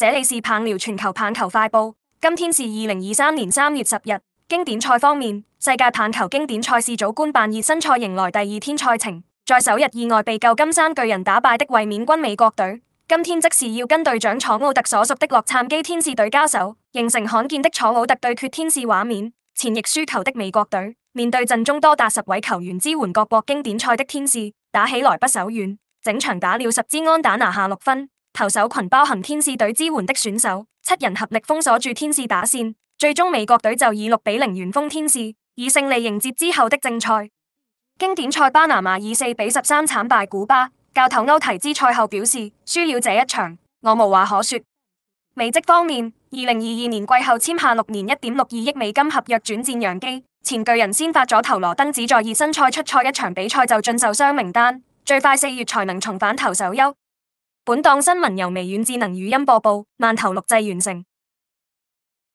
這裏是棒聊全球棒球快報，今天是二零二三年三月十日。經典賽方面，世界棒球經典賽 C 組官辦熱身賽迎來第二天賽程。在首日意外被舊金山巨人打敗的衛冕軍美國隊，今天則是要跟隊長楚奧特所屬的洛杉磯天使隊交手，形成罕見的楚奧特對決天使畫面。前役輸球的美國隊，面對陣中多達十位球員支援各國經典賽的天使，打起來不手軟，整場打了十支安打拿下六分。投手群包含天使隊支援的選手，七人合力封鎖住天使打線，最終美國隊就以六比零完封天使，以勝利迎接之後的正賽。經典賽巴拿馬以四比十三慘敗古巴，教頭歐提茲賽後表示：輸了這一場，我無話可說。美職方面，二零二二年季後簽下六年一點六二億美金合約轉戰洋基。前巨人先發左投羅登只在熱身賽出賽一場比賽就進受傷名單，最快四月才能重返投手丘。本檔新聞由微軟智能語音播報，慢投錄製完成。